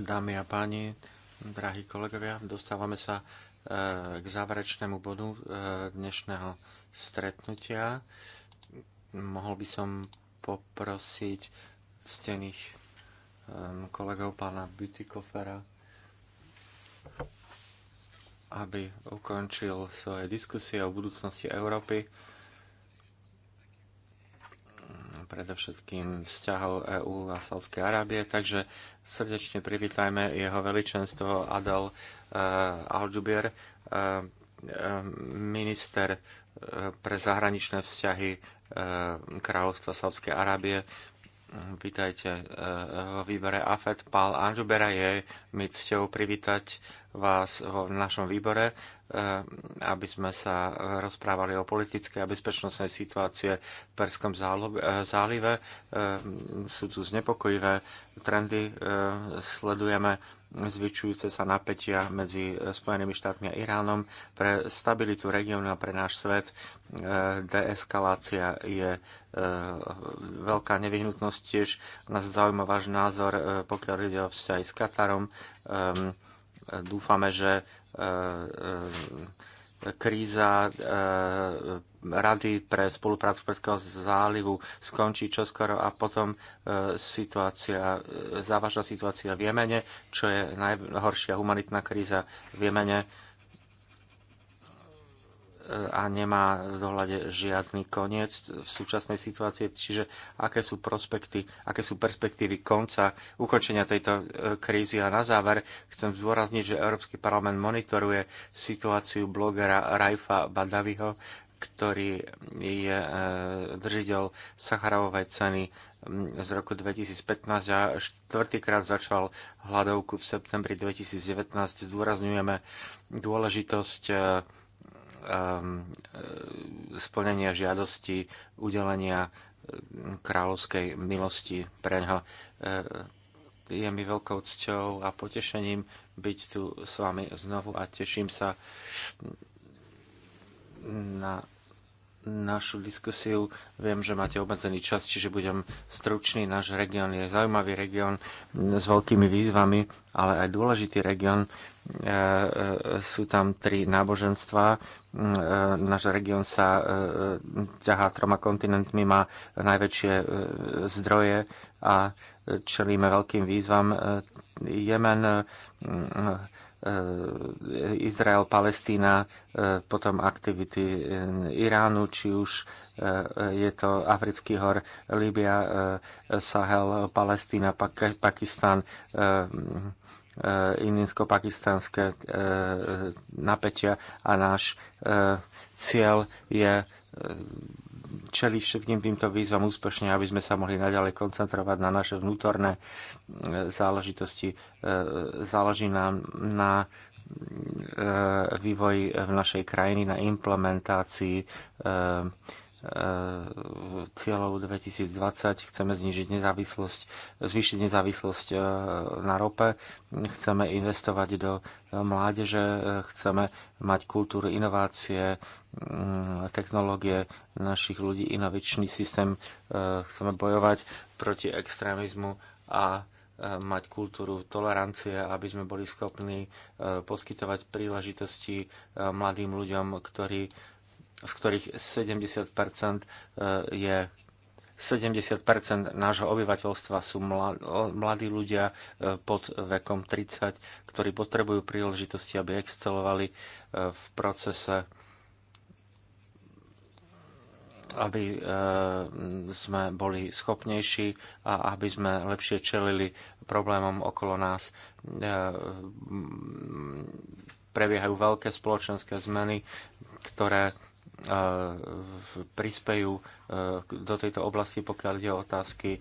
Dámy a páni, drahí kolegovia, dostávame sa e, k záverečnému bodu e, dnešného stretnutia. Mohol by som poprosiť ctených e, kolegov pána Butikofera, aby ukončil svoje diskusie o budúcnosti Európy predovšetkým vzťahov EÚ a Sávskej Arábie, takže srdečne privítajme jeho veličenstvo Adal eh, uh, eh, eh, minister pre zahraničné vzťahy kráľovstva Sávskej Arábie. Vítajte eh, v výbore AFED. Pál Bera je mi cťou privítať vás v našom výbore, eh, aby sme sa rozprávali o politickej a bezpečnostnej situácie v Perskom eh, zálive. Sú tu znepokojivé trendy, sledujeme zvyčujúce sa napätia medzi Spojenými štátmi a Iránom. Pre stabilitu regiónu a pre náš svet e, deeskalácia je e, veľká nevyhnutnosť. Tiež nás zaujíma váš názor, e, pokiaľ ide o vzťahy s Katarom. Ehm, dúfame, že kríza e, Rady pre spoluprácu Perského zálivu skončí čoskoro a potom e, situácia, e, závažná situácia v Jemene, čo je najhoršia humanitná kríza v Jemene a nemá v dohľade žiadny koniec v súčasnej situácii. Čiže aké sú, prospekty, aké sú perspektívy konca ukončenia tejto e, krízy. A na záver chcem zdôrazniť, že Európsky parlament monitoruje situáciu blogera Rajfa Badaviho, ktorý je e, držiteľ Sacharovej ceny z roku 2015 a štvrtýkrát začal hľadovku v septembri 2019. Zdôrazňujeme dôležitosť e, Um, splnenia žiadosti udelenia um, kráľovskej milosti pre ňa. Uh, je mi veľkou cťou a potešením byť tu s vami znovu a teším sa na našu diskusiu. Viem, že máte obmedzený čas, čiže budem stručný. Náš región je zaujímavý región s veľkými výzvami, ale aj dôležitý región. E, e, sú tam tri náboženstva. E, náš región sa ťahá troma kontinentmi, má najväčšie zdroje a čelíme veľkým výzvam. Jemen Eh, Izrael, Palestína, eh, potom aktivity eh, Iránu, či už je to Africký hor, Líbia, Sahel, Palestína, Pakistan, indinsko-pakistanské napätia a náš cieľ je čeli všetkým týmto výzvam úspešne, aby sme sa mohli naďalej koncentrovať na naše vnútorné e, záležitosti. E, záleží nám na e, vývoj v našej krajiny, na implementácii E, cieľov 2020 chceme znižiť nezávislosť, zvýšiť nezávislosť e, na rope, chceme investovať do mládeže, e, chceme mať kultúru, inovácie, technológie našich ľudí, inovačný systém, chceme bojovať proti extrémizmu a mať kultúru tolerancie, aby sme boli schopní poskytovať príležitosti mladým ľuďom, ktorí z ktorých 70 je 70 nášho obyvateľstva sú mladí ľudia pod vekom 30, ktorí potrebujú príležitosti, aby excelovali v procese, aby sme boli schopnejší a aby sme lepšie čelili problémom okolo nás. Prebiehajú veľké spoločenské zmeny, ktoré prispejú e, do tejto oblasti, pokiaľ ide o otázky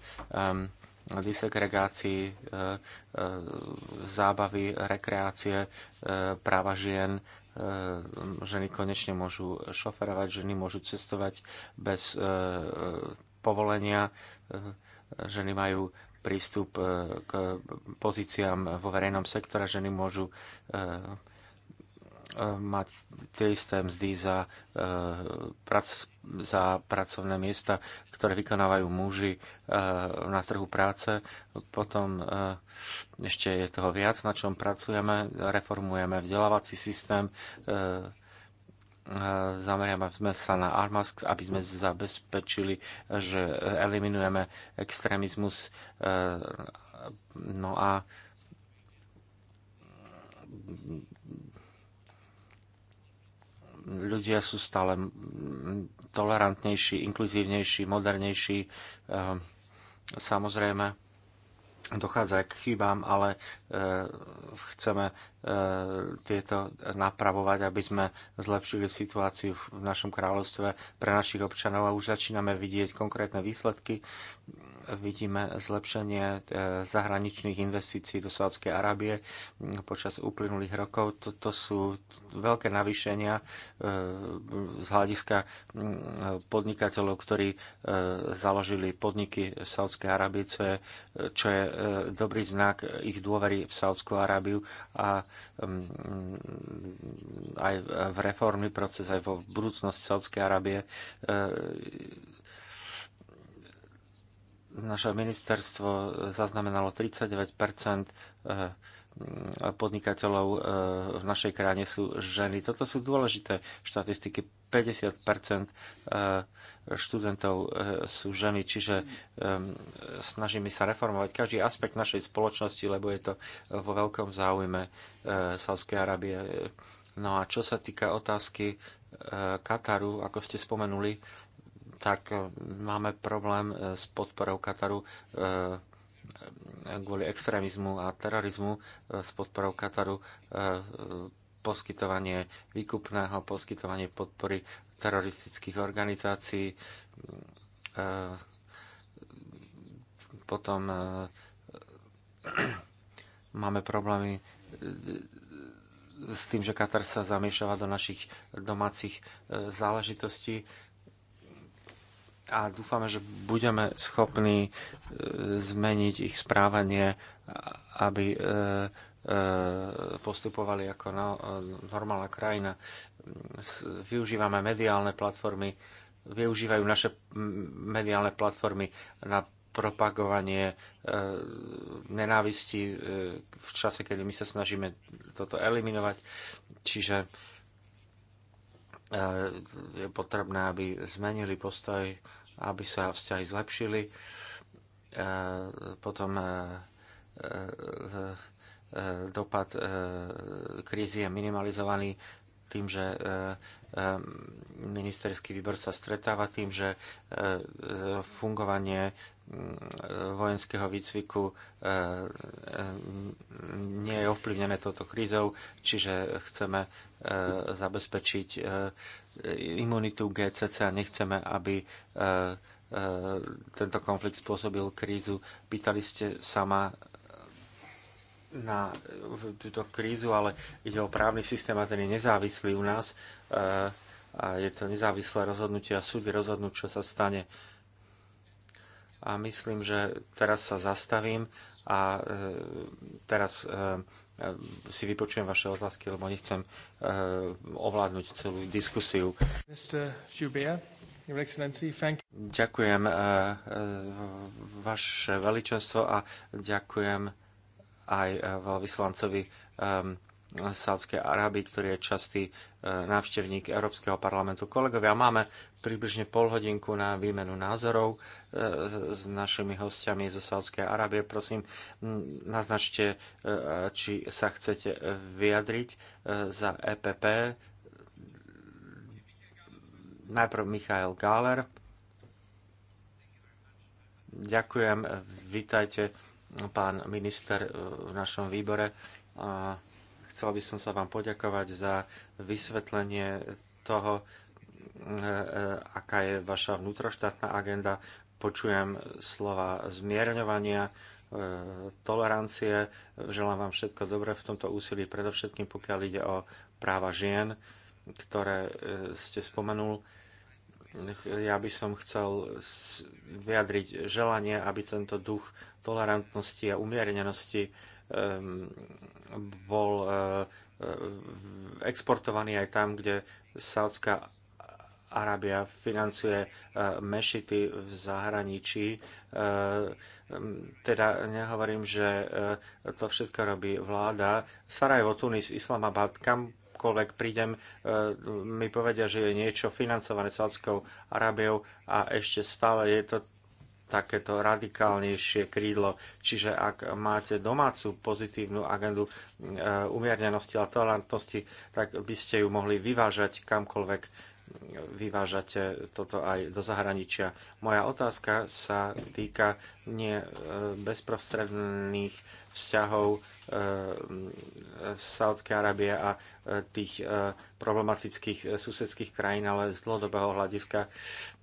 disegregácií, e, e, zábavy, rekreácie, práva žien. Ženy konečne môžu šoferovať, ženy môžu cestovať bez povolenia, ženy majú prístup k pozíciám vo verejnom sektore, ženy môžu Eh, mať tie isté mzdy za, eh, prac, za pracovné miesta, ktoré vykonávajú muži eh, na trhu práce. Potom ešte je toho viac, na čom pracujeme. Reformujeme vzdelávací systém, Zameriame sa na Armask, aby sme zabezpečili, že eliminujeme extrémizmus. No a ľudia sú stále tolerantnejší, inkluzívnejší, modernejší. Ehm, samozrejme, dochádza k chybám, ale ehm, chceme E, tieto napravovať, aby sme zlepšili situáciu v našom kráľovstve pre našich občanov a už začíname vidieť konkrétne výsledky. Vidíme zlepšenie e, zahraničných investícií do Sádskej Arábie počas uplynulých rokov. Toto sú veľké navýšenia e, z hľadiska podnikateľov, ktorí založili podniky v Sádskej Arábie, čo je, čo je dobrý znak ich dôvery v Sádskú Arábiu a Ehm, aj v reformný proces, aj vo budúcnosť Saudskej Arábie ehm, naše ministerstvo e, zaznamenalo 39 e, podnikateľov e, v našej krajine sú ženy. Toto sú dôležité štatistiky. 50 študentov sú ženy, čiže snažíme sa reformovať každý aspekt našej spoločnosti, lebo je to vo veľkom záujme Sávskej Arábie. No a čo sa týka otázky Kataru, ako ste spomenuli, tak e, máme problém e, s podporou Kataru e, kvôli extrémizmu a terorizmu, s podporou Kataru poskytovanie výkupného, poskytovanie podpory teroristických organizácií, potom máme problémy s tým, že Katar sa zamiešava do našich domácich záležitostí a dúfame, že budeme schopní e, zmeniť ich správanie, aby e, e, postupovali ako no, normálna krajina. Využívame mediálne platformy, využívajú naše mediálne platformy na propagovanie e, nenávisti e, v čase, kedy my sa snažíme toto eliminovať. Čiže e, je potrebné, aby zmenili postoj aby sa vzťahy zlepšili. E, potom e, e, dopad krízy je minimalizovaný tým, že ministerský výbor sa stretáva, tým, že fungovanie Mm, vojenského výcviku e, e, nie je ovplyvnené touto krízou, čiže chceme e, zabezpečiť imunitu GCC a nechceme, aby tento konflikt spôsobil krízu. Pýtali ste sama na túto krízu, ale ide o právny systém a ten je nezávislý u nás a je to nezávislé rozhodnutie a súdy rozhodnú, čo sa stane a myslím, že teraz sa zastavím a e, teraz e, e, si vypočujem vaše otázky, lebo nechcem ovládnuť celú diskusiu. Ďakujem vaše veličenstvo a ďakujem aj veľvyslancovi Sádskej Arábii, ktorý je častý návštevník Európskeho parlamentu. Kolegovia, máme približne pol hodinku na výmenu názorov s našimi hostiami zo Sádskej Arábie. Prosím, naznačte, e, či sa chcete vyjadriť e, za EPP. Najprv Michael Gáler. Ďakujem, vítajte pán minister e, v našom výbore. chcel by som sa vám poďakovať za vysvetlenie toho, aká je vaša vnútroštátna agenda počujem slova zmierňovania, e, tolerancie. Želám vám všetko dobré v tomto úsilí, predovšetkým pokiaľ ide o práva žien, ktoré e, ste spomenul. Ja by som chcel vyjadriť želanie, aby tento duch tolerantnosti a umierenenosti bol e, exportovaný aj tam, kde Saudská Arábia financuje e, mešity v zahraničí. E, teda nehovorím, že e, to všetko robí vláda. Sarajevo, Tunis, Islamabad, kamkoľvek prídem, mi povedia, že je niečo financované Sádskou Arábiou a ešte stále je to takéto radikálnejšie krídlo. Čiže ak máte domácu pozitívnu agendu umiernenosti a tolerantnosti, tak by ste ju mohli vyvážať kamkoľvek vyvážate toto aj do zahraničia. Moja otázka sa týka nie bezprostredných vzťahov eh, Sáudskej Arábie a eh, tých eh, problematických susedských krajín, ale z dlhodobého hľadiska.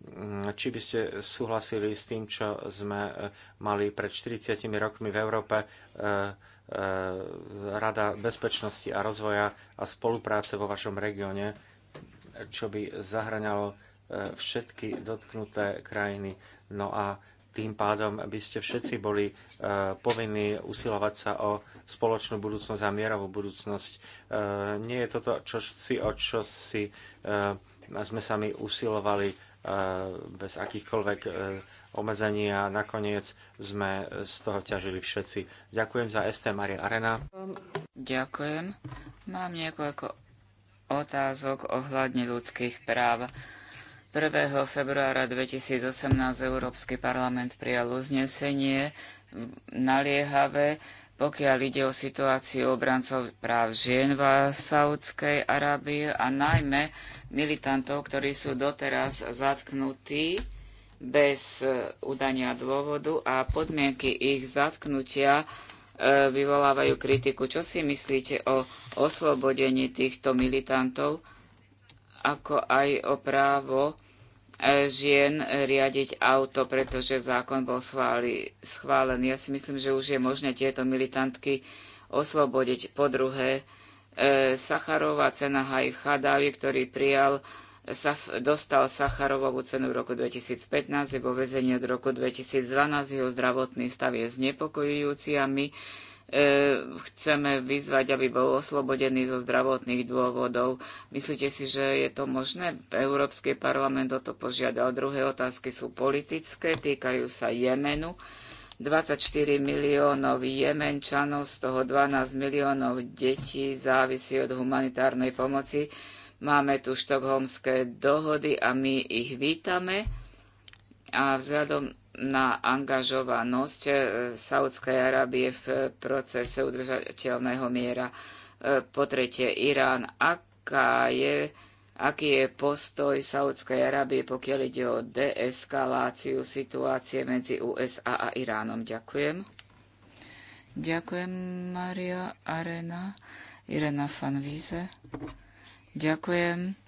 Mm, či by ste súhlasili s tým, čo sme mali pred 40 rokmi v Európe, Rada bezpečnosti a rozvoja a spolupráce vo vašom regióne, čo by zahraňalo e, všetky dotknuté krajiny. No a tým pádom by ste všetci boli e, povinní usilovať sa o spoločnú budúcnosť a mierovú budúcnosť. E, nie je toto, čo si, o čo si sme sami usilovali bez akýchkoľvek obmedzení a nakoniec sme z toho ťažili všetci. Ďakujem za ST Maria Arena. Ďakujem. Mám niekoľko otázok ohľadne ľudských práv. 1. februára 2018 Európsky parlament prijal uznesenie naliehavé, pokiaľ ide o situáciu obrancov práv žien v Saudskej Arábii a najmä militantov, ktorí sú doteraz zatknutí bez udania dôvodu a podmienky ich zatknutia E, vyvolávajú kritiku. Čo si myslíte o oslobodení týchto militantov, ako aj o právo e, žien riadiť auto, pretože zákon bol schválený. Ja si myslím, že už je možné tieto militantky oslobodiť. Po druhé, e, Sacharová cena Haj Chadavi, ktorý prijal sa dostal Sacharovovú cenu v roku 2015, je vo vezení od roku 2012, jeho zdravotný stav je znepokojujúci a my e, chceme vyzvať, aby bol oslobodený zo zdravotných dôvodov. Myslíte si, že je to možné? Európsky parlament o to požiadal. Druhé otázky sú politické, týkajú sa Jemenu. 24 miliónov Jemenčanov, z toho 12 miliónov detí závisí od humanitárnej pomoci Máme tu štokholmské dohody a my ich vítame. A vzhľadom na angažovanosť e, Saudskej Arábie v procese udržateľného miera. E, po tretie, Irán. Aká je, aký je postoj Saudskej Arábie, pokiaľ ide o deeskaláciu situácie medzi USA a Iránom? Ďakujem. Ďakujem, Maria Arena. Irena van Wiese. Ďakujem.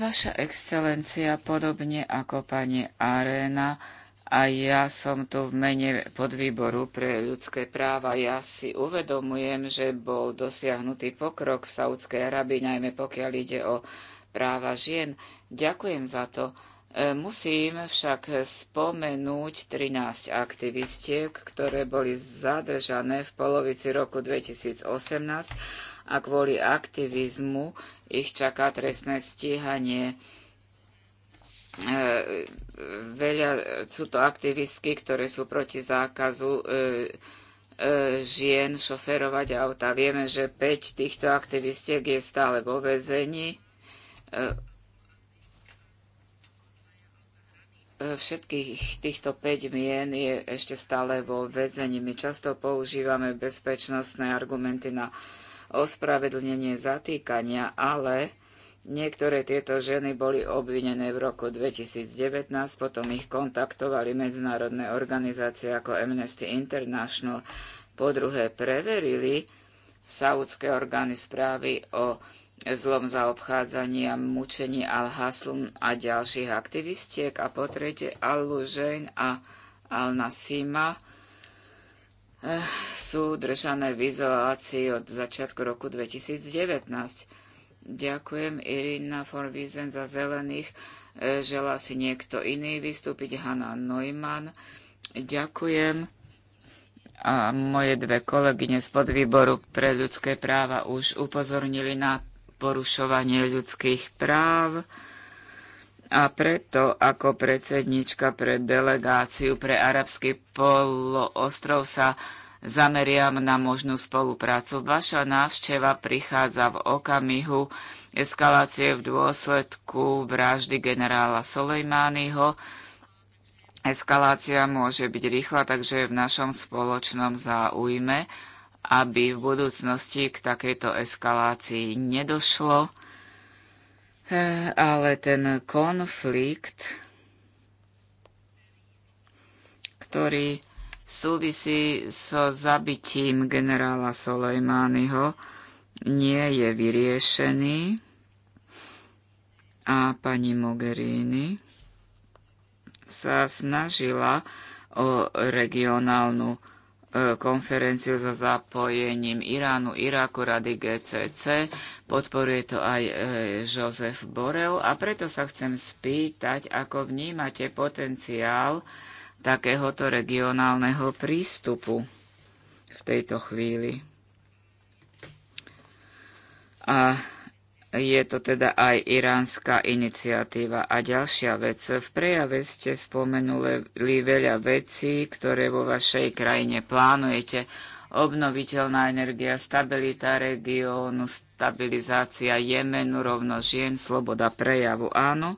Vaša excelencia, podobne ako pani Arena, a ja som tu v mene podvýboru pre ľudské práva. Ja si uvedomujem, že bol dosiahnutý pokrok v Saudskej Arabii, najmä pokiaľ ide o práva žien. Ďakujem za to. E, musím však spomenúť 13 aktivistiek, ktoré boli zadržané v polovici roku 2018 a kvôli aktivizmu ich čaká trestné stíhanie. E, veľa sú to aktivistky, ktoré sú proti zákazu e, e, žien šoferovať auta. Vieme, že 5 týchto aktivistiek je stále vo vezení. Všetkých týchto 5 mien je ešte stále vo vezení. My často používame bezpečnostné argumenty na ospravedlnenie zatýkania, ale niektoré tieto ženy boli obvinené v roku 2019, potom ich kontaktovali medzinárodné organizácie ako Amnesty International, po druhé preverili saúdske orgány správy o zlom zaobchádzania, mučení Al-Haslum a ďalších aktivistiek a po tretie Al-Lužejn a Al-Nasima Eh, sú držané v izolácii od začiatku roku 2019. Ďakujem Irina von Wiesen za zelených. Eh, želá si niekto iný vystúpiť, Hanna Neumann. Ďakujem. A moje dve kolegyne z podvýboru pre ľudské práva už upozornili na porušovanie ľudských práv a preto ako predsednička pre delegáciu pre arabský poloostrov sa zameriam na možnú spoluprácu. Vaša návšteva prichádza v okamihu eskalácie v dôsledku vraždy generála Soleimányho. Eskalácia môže byť rýchla, takže je v našom spoločnom záujme, aby v budúcnosti k takejto eskalácii nedošlo ale ten konflikt, ktorý súvisí so zabitím generála Solejmányho, nie je vyriešený a pani Mogherini sa snažila o regionálnu E, konferenciu so zapojením Iránu, Iráku, Rady GCC. Podporuje to aj e, Jozef Borel a preto sa chcem spýtať, ako vnímate potenciál takéhoto regionálneho prístupu v tejto chvíli. A je to teda aj iránska iniciatíva. A ďalšia vec. V prejave ste spomenuli veľa vecí, ktoré vo vašej krajine plánujete. Obnoviteľná energia, stabilita regiónu, stabilizácia Jemenu, rovno žien, sloboda prejavu. Áno,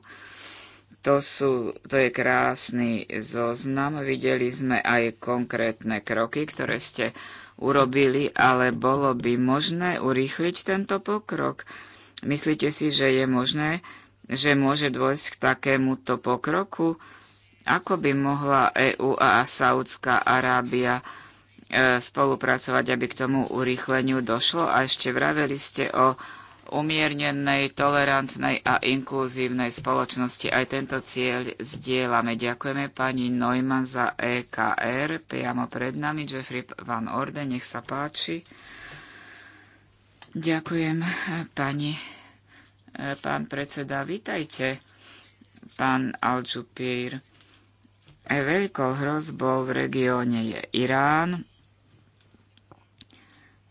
to, sú, to je krásny zoznam. Videli sme aj konkrétne kroky, ktoré ste urobili, ale bolo by možné urýchliť tento pokrok Myslíte si, že je možné, že môže dôjsť k takémuto pokroku? Ako by mohla EÚ a Saudská Arábia e, spolupracovať, aby k tomu urýchleniu došlo? A ešte vraveli ste o umiernenej, tolerantnej a inkluzívnej spoločnosti. Aj tento cieľ zdieľame. Ďakujeme pani Neumann za EKR. Priamo pred nami Jeffrey Van Orden, nech sa páči. Ďakujem, pani, pán predseda. Vítajte, pán Alčupír. Veľkou hrozbou v regióne je Irán.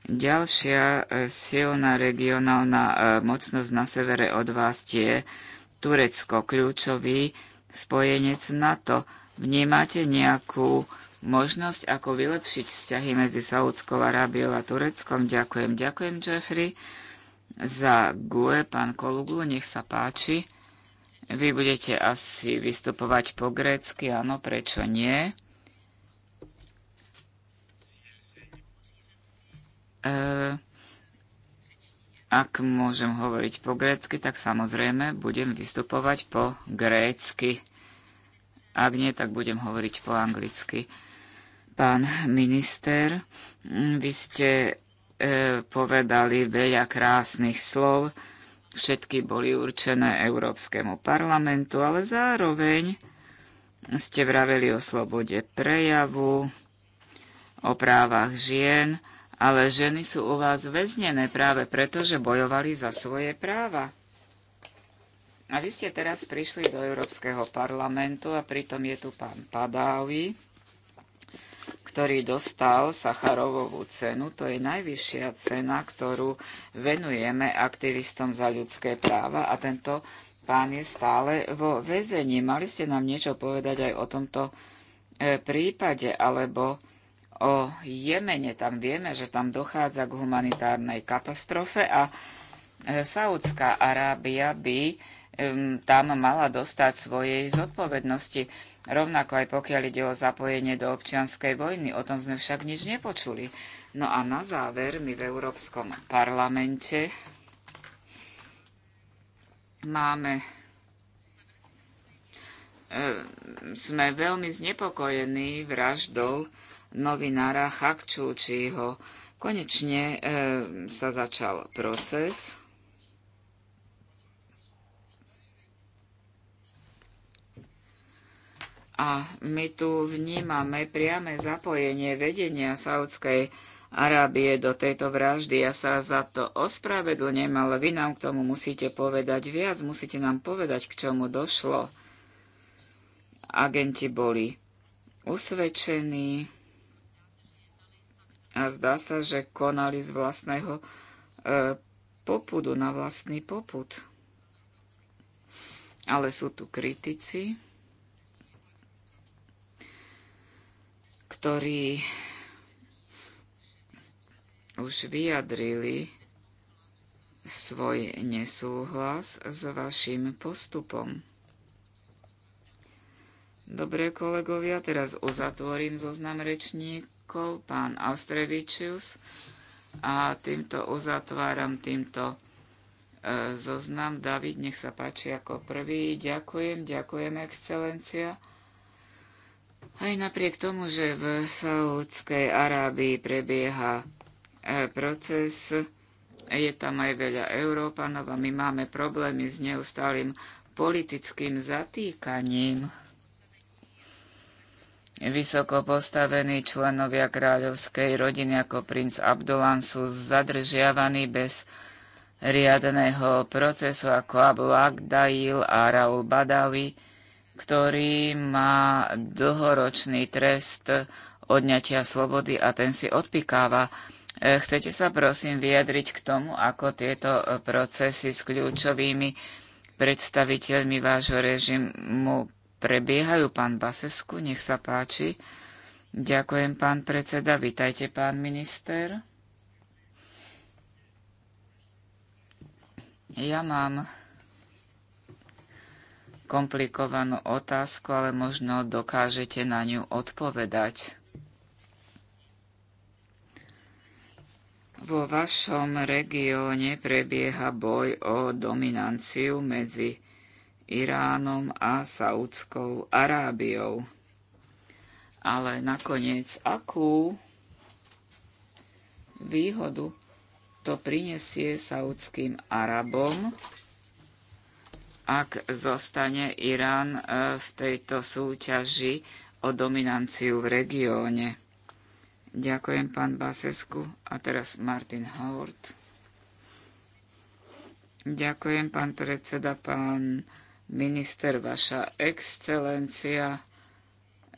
Ďalšia e, silná regionálna e, mocnosť na severe od vás je Turecko, kľúčový spojenec NATO. Vnímate nejakú možnosť, ako vylepšiť vzťahy medzi Saudskou Arábiou a Tureckom. Ďakujem, ďakujem, Jeffrey. Za GUE, pán Kolugu, nech sa páči. Vy budete asi vystupovať po grécky, áno, prečo nie? E, ak môžem hovoriť po grécky, tak samozrejme budem vystupovať po grécky. Ak nie, tak budem hovoriť po anglicky. Pán minister, mm, vy ste e, povedali veľa krásnych slov, všetky boli určené Európskemu parlamentu, ale zároveň ste vraveli o slobode prejavu, o právach žien, ale ženy sú u vás väznené práve preto, že bojovali za svoje práva. A vy ste teraz prišli do Európskeho parlamentu a pritom je tu pán Padávi, ktorý dostal Sacharovovú cenu. To je najvyššia cena, ktorú venujeme aktivistom za ľudské práva a tento pán je stále vo väzení. Mali ste nám niečo povedať aj o tomto e, prípade alebo o Jemene. Tam vieme, že tam dochádza k humanitárnej katastrofe a e, Saudská Arábia by tam mala dostať svojej zodpovednosti. Rovnako aj pokiaľ ide o zapojenie do občianskej vojny, o tom sme však nič nepočuli. No a na záver my v Európskom parlamente máme sme veľmi znepokojení vraždou novinára ho Konečne e, sa začal proces A my tu vnímame priame zapojenie vedenia Saudskej Arábie do tejto vraždy. Ja sa za to ospravedlňujem, ale vy nám k tomu musíte povedať viac, musíte nám povedať, k čomu došlo. Agenti boli usvedčení a zdá sa, že konali z vlastného e, popudu na vlastný poput. Ale sú tu kritici ktorí už vyjadrili svoj nesúhlas s vašim postupom. Dobre, kolegovia, teraz uzatvorím zoznam rečníkov, pán Austrevičius, a týmto uzatváram týmto e, zoznam. David, nech sa páči ako prvý. Ďakujem, ďakujem, excelencia. Aj napriek tomu, že v Saúdskej Arábii prebieha e, proces, je tam aj veľa Európanov a my máme problémy s neustálým politickým zatýkaním. Vysoko postavení členovia kráľovskej rodiny ako princ Abdulan sú zadržiavaní bez riadného procesu ako Abu Agdail a Raul Badawi, ktorý má dlhoročný trest odňatia slobody a ten si odpikáva. E, chcete sa prosím vyjadriť k tomu, ako tieto e, procesy s kľúčovými predstaviteľmi vášho režimu prebiehajú? Pán Basesku, nech sa páči. Ďakujem, pán predseda. Vítajte, pán minister. Ja mám komplikovanú otázku, ale možno dokážete na ňu odpovedať. Vo vašom regióne prebieha boj o dominanciu medzi Iránom a Saudskou Arábiou. Ale nakoniec, akú výhodu to prinesie saudským Arabom, ak zostane Irán e, v tejto súťaži o dominanciu v regióne. Ďakujem, pán Basesku. A teraz Martin Howard. Ďakujem, pán predseda, pán minister, vaša excelencia.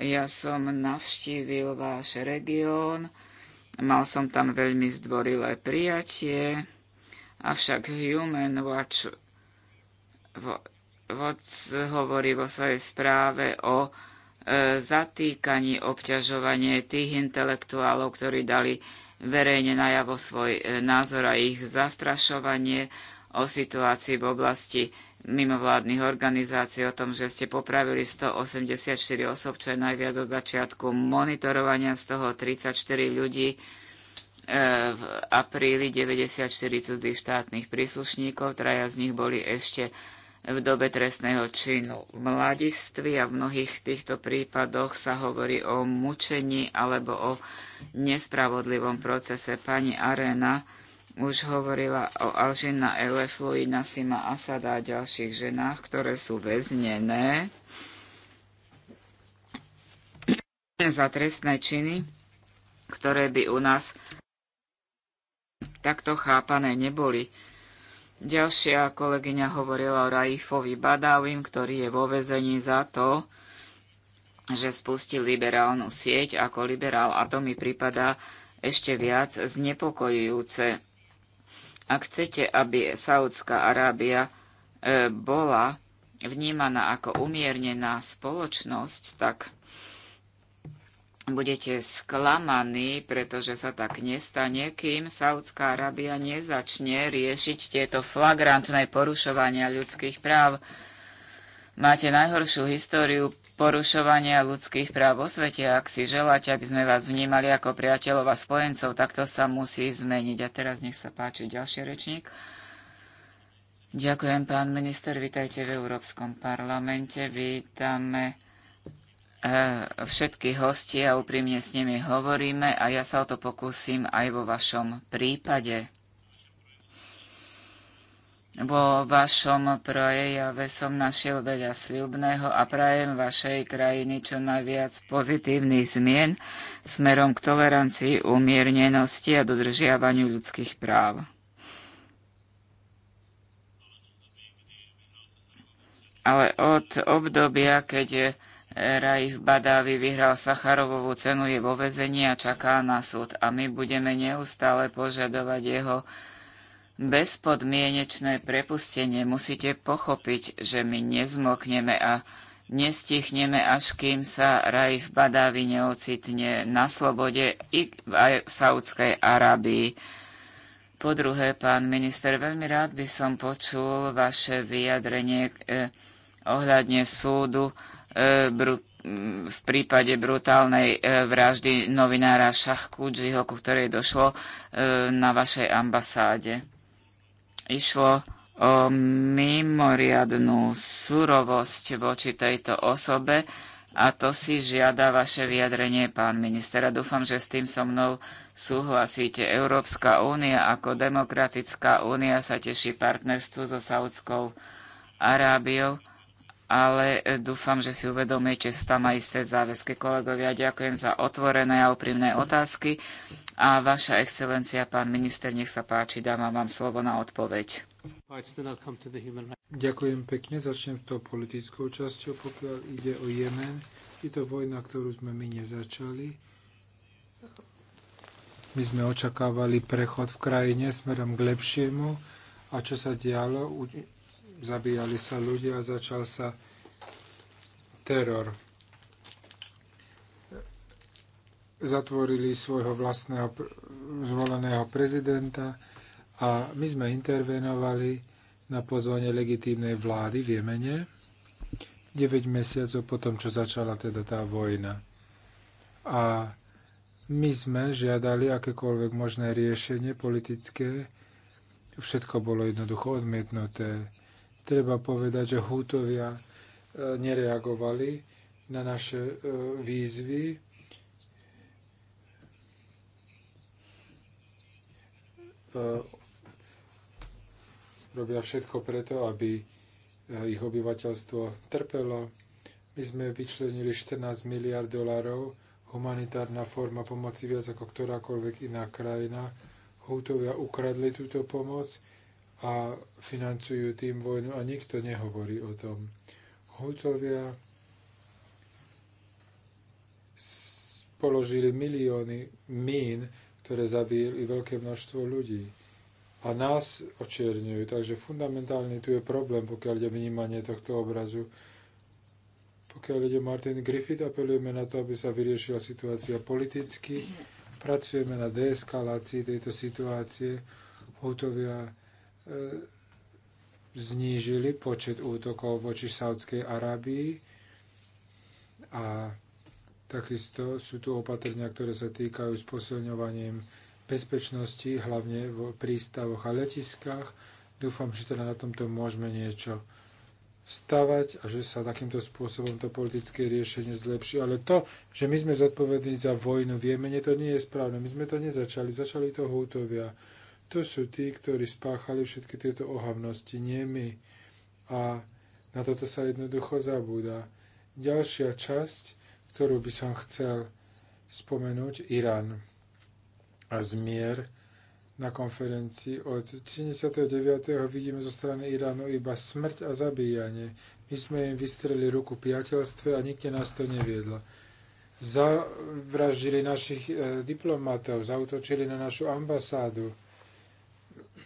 Ja som navštívil váš región, mal som tam veľmi zdvorilé prijatie, avšak Human Watch Voc hovorí vo svojej správe o e, zatýkaní, obťažovanie tých intelektuálov, ktorí dali verejne najavo svoj e, názor a ich zastrašovanie o situácii v oblasti mimovládnych organizácií, o tom, že ste popravili 184 osob, čo je najviac od začiatku monitorovania, z toho 34 ľudí e, v apríli 94 cudzých štátnych príslušníkov, traja z nich boli ešte v dobe trestného činu v mladiství a v mnohých týchto prípadoch sa hovorí o mučení alebo o nespravodlivom procese. Pani Arena už hovorila o Alžina Eleflui, Nasima Asada a ďalších ženách, ktoré sú väznené za trestné činy, ktoré by u nás takto chápané neboli. Ďalšia kolegyňa hovorila o Raifovi Badawim, ktorý je vo vezení za to, že spustil liberálnu sieť ako liberál a to mi prípada ešte viac znepokojujúce. Ak chcete, aby Saudská Arábia e, bola vnímaná ako umiernená spoločnosť, tak budete sklamaní, pretože sa tak nestane, kým Saudská Arábia nezačne riešiť tieto flagrantné porušovania ľudských práv. Máte najhoršiu históriu porušovania ľudských práv vo svete. Ak si želáte, aby sme vás vnímali ako priateľov a spojencov, tak to sa musí zmeniť. A teraz nech sa páči ďalší rečník. Ďakujem, pán minister. Vítajte v Európskom parlamente. Vítame E, všetky hostia, úprimne s nimi hovoríme a ja sa o to pokúsim aj vo vašom prípade. Vo vašom projejave som našiel veľa sľubného a prajem vašej krajiny čo najviac pozitívnych zmien smerom k tolerancii, umiernenosti a dodržiavaniu ľudských práv. Ale od obdobia, keď je Raif Badavi vyhral Sacharovovú cenu, je vo vezení a čaká na súd. A my budeme neustále požadovať jeho bezpodmienečné prepustenie. Musíte pochopiť, že my nezmokneme a nestihneme, až kým sa Raif Badavi neocitne na slobode i aj v Saudskej Arábii. Po druhé, pán minister, veľmi rád by som počul vaše vyjadrenie eh, ohľadne súdu E, v prípade brutálnej e, vraždy novinára Šachku Džiho, ku ktorej došlo e, na vašej ambasáde. Išlo o mimoriadnú surovosť voči tejto osobe a to si žiada vaše vyjadrenie, pán minister. A dúfam, že s tým so mnou súhlasíte. Európska únia ako demokratická únia sa teší partnerstvu so Saudskou Arábiou ale e, dúfam, že si uvedomíte, že tam aj isté záväzky. Kolegovia, ďakujem za otvorené a úprimné otázky. A vaša excelencia, pán minister, nech sa páči, dávam vám slovo na odpoveď. Ďakujem pekne, začnem tou politickou časťou, pokiaľ ide o Jemen. Je to vojna, ktorú sme my nezačali. My sme očakávali prechod v krajine smerom k lepšiemu. A čo sa dialo? zabíjali sa ľudia a začal sa teror. Zatvorili svojho vlastného zvoleného prezidenta a my sme intervenovali na pozvanie legitímnej vlády v Jemene 9 mesiacov potom, čo začala teda tá vojna. A my sme žiadali akékoľvek možné riešenie politické, všetko bolo jednoducho odmietnuté treba povedať, že Hútovia e, nereagovali na naše e, výzvy. E, robia všetko preto, aby ich obyvateľstvo trpelo. My sme vyčlenili 14 miliard dolárov, humanitárna forma pomoci viac ako ktorákoľvek iná krajina. Hútovia ukradli túto pomoc a financujú tým vojnu a nikto nehovorí o tom. Hutovia položili milióny mín, ktoré zabíjali veľké množstvo ľudí. A nás očierňujú. Takže fundamentálne tu je problém, pokiaľ ide vnímanie tohto obrazu. Pokiaľ ide Martin Griffith, apelujeme na to, aby sa vyriešila situácia politicky. Pracujeme na deeskalácii tejto situácie. Hutovia E, znížili počet útokov voči Saudskej Arábii a takisto sú tu opatrenia, ktoré sa týkajú s posilňovaním bezpečnosti, hlavne v prístavoch a letiskách. Dúfam, že teda na tomto môžeme niečo stavať a že sa takýmto spôsobom to politické riešenie zlepší. Ale to, že my sme zodpovední za vojnu v Jemene, to nie je správne. My sme to nezačali, začali to hútovia to sú tí, ktorí spáchali všetky tieto ohavnosti, nie my. A na toto sa jednoducho zabúda. Ďalšia časť, ktorú by som chcel spomenúť, Irán a zmier na konferencii. Od 79. vidíme zo strany Iránu iba smrť a zabíjanie. My sme im vystreli ruku priateľstve a nikde nás to neviedlo. Zavraždili našich eh, diplomatov, zautočili na našu ambasádu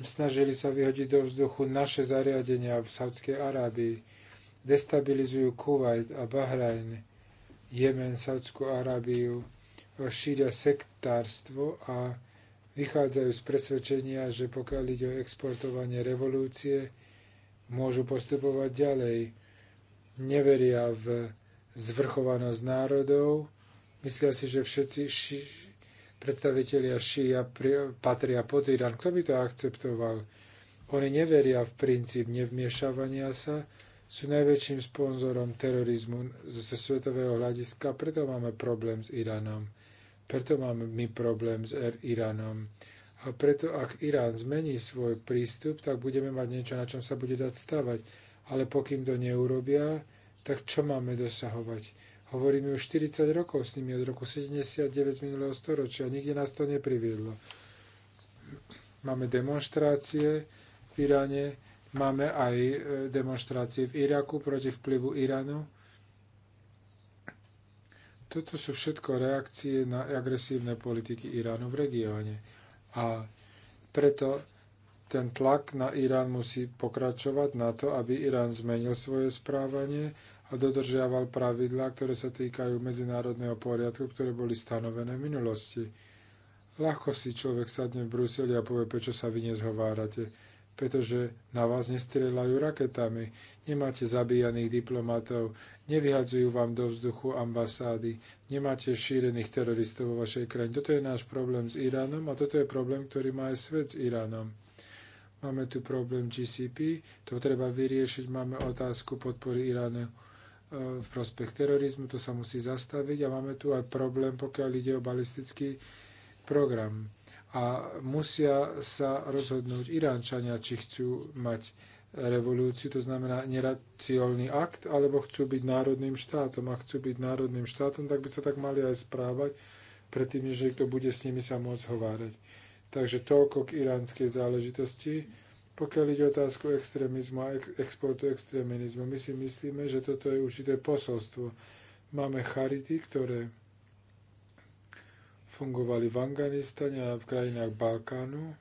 snažili sa vyhodiť do vzduchu naše zariadenia v Saudskej Arábii. Destabilizujú Kuwait a Bahrajn, Jemen, Saudskú Arábiu, šíria sektárstvo a vychádzajú z presvedčenia, že pokiaľ ide o exportovanie revolúcie, môžu postupovať ďalej. Neveria v zvrchovanosť národov, myslia si, že všetci predstavitelia Šia patria pod Irán. Kto by to akceptoval? Oni neveria v princíp nevmiešavania sa, sú najväčším sponzorom terorizmu zo svetového hľadiska, preto máme problém s Iránom. Preto máme my problém s Iránom. A preto, ak Irán zmení svoj prístup, tak budeme mať niečo, na čom sa bude dať stavať. Ale pokým to neurobia, tak čo máme dosahovať? Hovoríme už 40 rokov s nimi od roku 79 z minulého storočia. Nikde nás to nepriviedlo. Máme demonstrácie v Iráne, máme aj e, demonstrácie v Iraku proti vplyvu Iránu. Toto sú všetko reakcie na agresívne politiky Iránu v regióne. A preto ten tlak na Irán musí pokračovať na to, aby Irán zmenil svoje správanie, a dodržiaval pravidlá, ktoré sa týkajú medzinárodného poriadku, ktoré boli stanovené v minulosti. Ľahko si človek sadne v Bruseli a povie, prečo sa vy nezhovárate, pretože na vás nestrieľajú raketami, nemáte zabíjaných diplomatov, nevyhadzujú vám do vzduchu ambasády, nemáte šírených teroristov vo vašej krajine. Toto je náš problém s Iránom a toto je problém, ktorý má aj svet s Iránom. Máme tu problém GCP, to treba vyriešiť, máme otázku podpory Iránu v prospech terorizmu, to sa musí zastaviť a máme tu aj problém, pokiaľ ide o balistický program. A musia sa rozhodnúť Iránčania, či chcú mať revolúciu, to znamená neracionálny akt, alebo chcú byť národným štátom. A chcú byť národným štátom, tak by sa tak mali aj správať, predtým, než kto bude s nimi sa môcť hovárať. Takže toľko k iránskej záležitosti. Pokiaľ ide otázku extrémizmu a exportu extrémizmu, my si myslíme, že toto je určité posolstvo. Máme charity, ktoré fungovali v Afganistane a v krajinách Balkánu.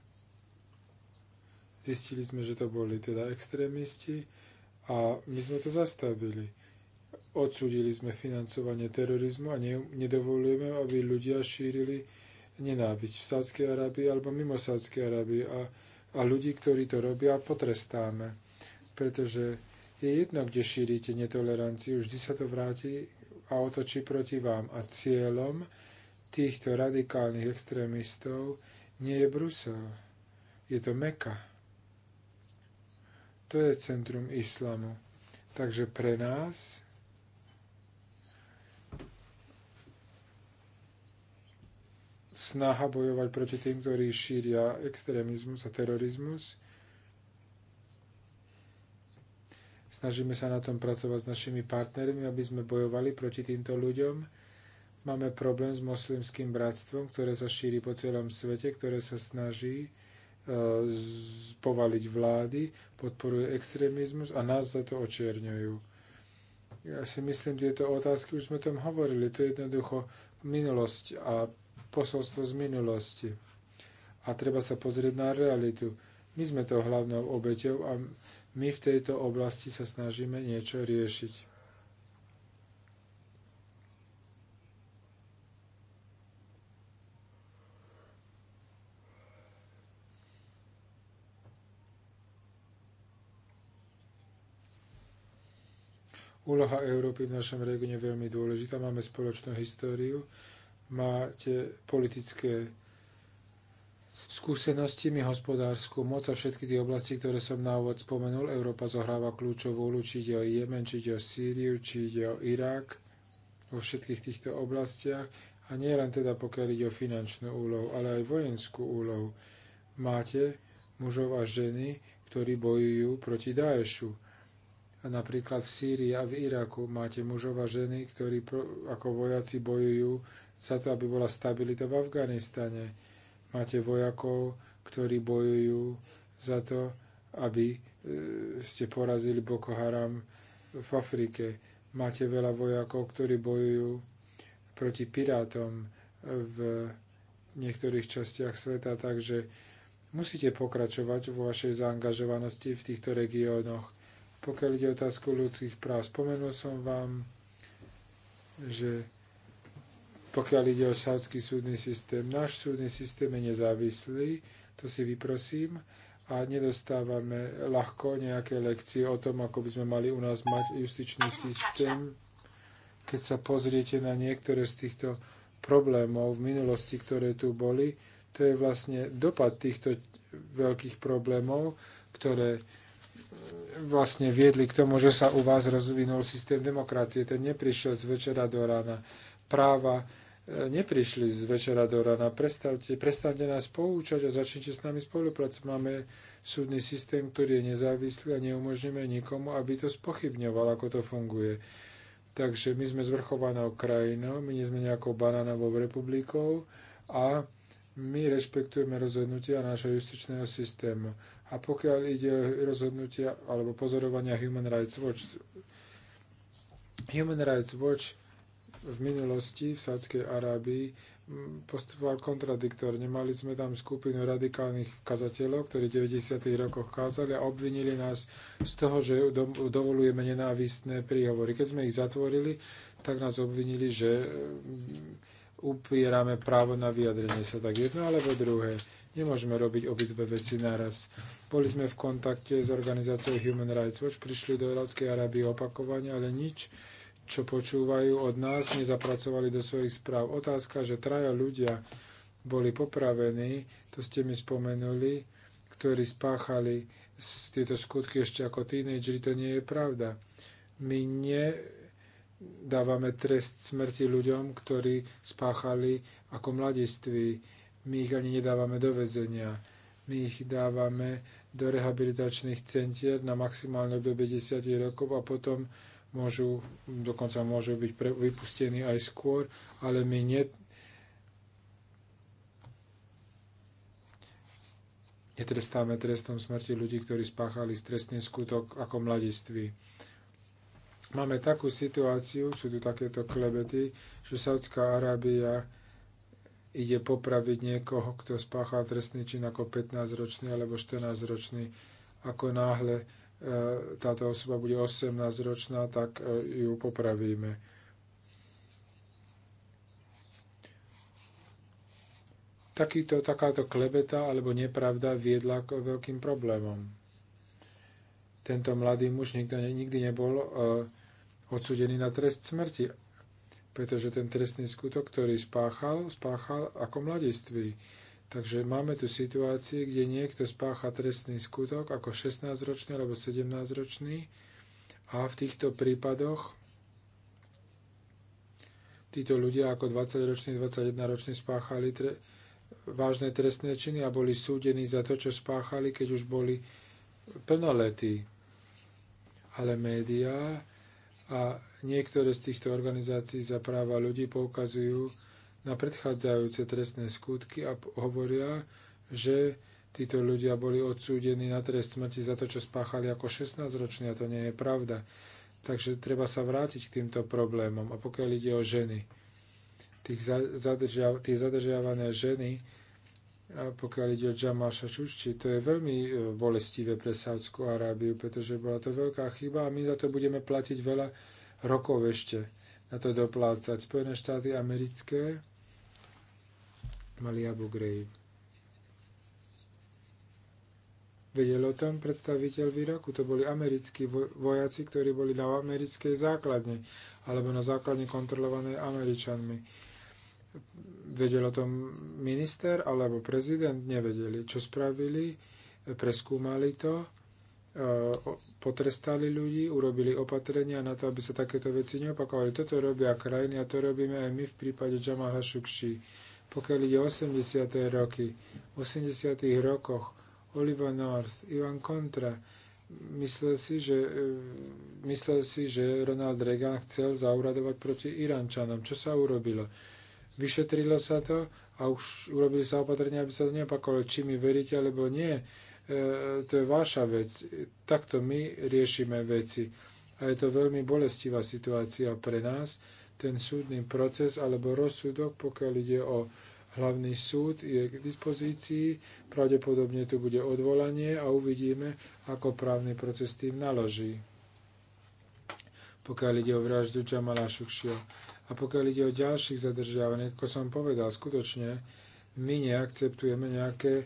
Zistili sme, že to boli teda extrémisti a my sme to zastavili. Odsudili sme financovanie terorizmu a nedovolujeme, aby ľudia šírili nenávisť v Sádskej Arábii alebo mimo Sádskej Arábii. A a ľudí, ktorí to robia, potrestáme. Pretože je jedno, kde šírite netoleranciu, vždy sa to vráti a otočí proti vám. A cieľom týchto radikálnych extrémistov nie je Brusel, je to Meka. To je centrum islamu. Takže pre nás snaha bojovať proti tým, ktorí šíria extrémizmus a terorizmus. Snažíme sa na tom pracovať s našimi partnermi, aby sme bojovali proti týmto ľuďom. Máme problém s moslimským bratstvom, ktoré sa šíri po celom svete, ktoré sa snaží e, povaliť vlády, podporuje extrémizmus a nás za to očierňujú. Ja si myslím, tieto otázky už sme tom hovorili. To je jednoducho minulosť a posolstvo z minulosti. A treba sa pozrieť na realitu. My sme to hlavnou obeťou a my v tejto oblasti sa snažíme niečo riešiť. Úloha Európy v našom regióne je veľmi dôležitá. Máme spoločnú históriu, máte politické skúsenosti, mi hospodárskú moc a všetky tie oblasti, ktoré som na úvod spomenul, Európa zohráva kľúčovú úlohu, či ide o Jemen, či ide o Sýriu, či ide o Irak, vo všetkých týchto oblastiach a nie len teda pokiaľ ide o finančnú úlohu, ale aj vojenskú úlohu. Máte mužov a ženy, ktorí bojujú proti Daešu. A napríklad v Sýrii a v Iraku máte mužov a ženy, ktorí ako vojaci bojujú za to, aby bola stabilita v Afganistane. Máte vojakov, ktorí bojujú za to, aby e, ste porazili Boko Haram v Afrike. Máte veľa vojakov, ktorí bojujú proti pirátom v niektorých častiach sveta, takže musíte pokračovať vo vašej zaangažovanosti v týchto regiónoch. Pokiaľ ide otázku ľudských práv, spomenul som vám, že pokiaľ ide o saudský súdny systém. Náš súdny systém je nezávislý, to si vyprosím, a nedostávame ľahko nejaké lekcie o tom, ako by sme mali u nás mať justičný systém. Keď sa pozriete na niektoré z týchto problémov v minulosti, ktoré tu boli, to je vlastne dopad týchto veľkých problémov, ktoré e, vlastne viedli k tomu, že sa u vás rozvinul systém demokracie. Ten neprišiel z večera do rána. Práva E, neprišli z večera do rana. Prestavte, prestavte nás poučať a začnite s nami spolupracovať. Máme súdny systém, ktorý je nezávislý a neumožníme nikomu, aby to spochybňoval, ako to funguje. Takže my sme zvrchovanou krajinou, my nie sme nejakou banánovou republikou a my rešpektujeme rozhodnutia nášho justičného systému. A pokiaľ ide o rozhodnutia alebo pozorovania Human Rights Watch, Human Rights Watch v minulosti v Sádskej Arábii postupoval kontradiktorne. Mali sme tam skupinu radikálnych kazateľov, ktorí v 90. rokoch kázali a obvinili nás z toho, že dovolujeme nenávistné príhovory. Keď sme ich zatvorili, tak nás obvinili, že upierame právo na vyjadrenie sa tak jedno alebo druhé. Nemôžeme robiť obidve veci naraz. Boli sme v kontakte s organizáciou Human Rights Watch, prišli do Európskej Arábie opakovane, ale nič čo počúvajú od nás, nezapracovali do svojich správ. Otázka, že traja ľudia boli popravení, to ste mi spomenuli, ktorí spáchali tieto skutky ešte ako tínejdžeri, to nie je pravda. My nedávame trest smrti ľuďom, ktorí spáchali ako mladiství. My ich ani nedávame do väzenia. My ich dávame do rehabilitačných centier na maximálne obdobie 10 rokov a potom môžu, dokonca môžu byť pre, vypustení aj skôr, ale my ne, netrestáme trestom smrti ľudí, ktorí spáchali stresný skutok ako mladiství. Máme takú situáciu, sú tu takéto klebety, že Saudská Arábia ide popraviť niekoho, kto spáchal trestný čin ako 15-ročný alebo 14-ročný, ako náhle E, táto osoba bude 18-ročná, tak e, ju popravíme. Takýto, takáto klebeta alebo nepravda viedla k veľkým problémom. Tento mladý muž nikto, nikdy nebol e, odsudený na trest smrti, pretože ten trestný skutok, ktorý spáchal, spáchal ako mladiství. Takže máme tu situácie, kde niekto spácha trestný skutok ako 16-ročný alebo 17-ročný a v týchto prípadoch títo ľudia ako 20-roční, 21-roční spáchali tre- vážne trestné činy a boli súdení za to, čo spáchali, keď už boli plnoletí. Ale médiá a niektoré z týchto organizácií za práva ľudí poukazujú, na predchádzajúce trestné skutky a hovoria, že títo ľudia boli odsúdení na trest smrti za to, čo spáchali ako 16-roční a to nie je pravda. Takže treba sa vrátiť k týmto problémom. A pokiaľ ide o ženy, tých zadržiav, tie zadržiavané ženy, a pokiaľ ide o Džamáša Čušči, to je veľmi e, bolestivé pre Sávskú Arábiu, pretože bola to veľká chyba a my za to budeme platiť veľa rokov ešte na to doplácať. Spojené štáty americké Malia Bugrej. Vedel o tom predstaviteľ v Iraku, to boli americkí vojaci, ktorí boli na americkej základne alebo na základne kontrolované Američanmi. Vedel o tom minister alebo prezident, nevedeli, čo spravili, preskúmali to, e, potrestali ľudí, urobili opatrenia na to, aby sa takéto veci neopakovali. Toto robia krajiny a to robíme aj my v prípade Jamala Shukshi pokiaľ ide 80. roky. V 80. rokoch Oliva North, Ivan Contra, myslel si, že, e, myslel si, že Ronald Reagan chcel zauradovať proti Irančanom. Čo sa urobilo? Vyšetrilo sa to a už urobili sa opatrenia, aby sa to neopakovalo. Či mi veríte, alebo nie, e, to je vaša vec. Takto my riešime veci. A je to veľmi bolestivá situácia pre nás, ten súdny proces alebo rozsudok, pokiaľ ide o hlavný súd, je k dispozícii. Pravdepodobne tu bude odvolanie a uvidíme, ako právny proces tým naloží. Pokiaľ ide o vraždu Jamala Šukšia. A pokiaľ ide o ďalších zadržiavaných, ako som povedal, skutočne my neakceptujeme nejaké e,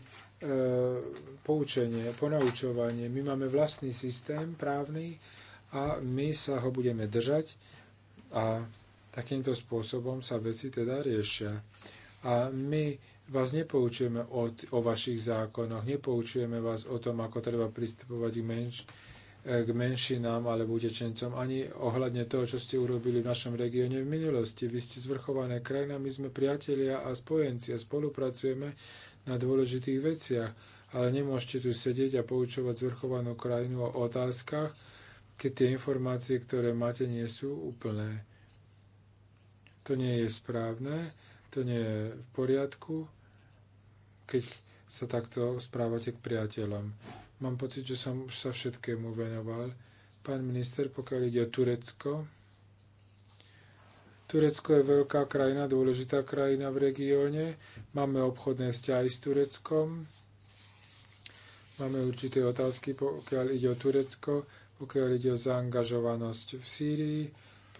poučenie, ponaučovanie. My máme vlastný systém právny a my sa ho budeme držať a Takýmto spôsobom sa veci teda riešia. A my vás nepoučujeme o, o vašich zákonoch, nepoučujeme vás o tom, ako treba pristupovať k, menš- k menšinám alebo utečencom, ani ohľadne toho, čo ste urobili v našom regióne v minulosti. Vy ste zvrchované krajina, my sme priatelia a spojenci a spolupracujeme na dôležitých veciach, ale nemôžete tu sedieť a poučovať zvrchovanú krajinu o otázkach, keď tie informácie, ktoré máte, nie sú úplné. To nie je správne, to nie je v poriadku, keď sa takto správate k priateľom. Mám pocit, že som už sa všetkému venoval. Pán minister, pokiaľ ide o Turecko, Turecko je veľká krajina, dôležitá krajina v regióne. Máme obchodné vzťahy s Tureckom. Máme určité otázky, pokiaľ ide o Turecko, pokiaľ ide o zaangažovanosť v Sýrii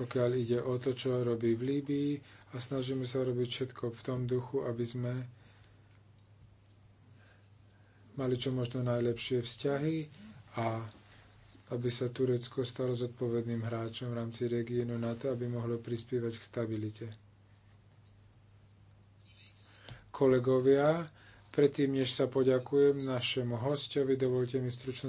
pokiaľ ide o to, čo robí v Líbii a snažíme sa robiť všetko v tom duchu, aby sme mali čo možno najlepšie vzťahy a aby sa Turecko stalo zodpovedným hráčom v rámci regiónu na to, aby mohlo prispievať k stabilite. Kolegovia, predtým, než sa poďakujem našemu hostovi, dovolte mi stručnú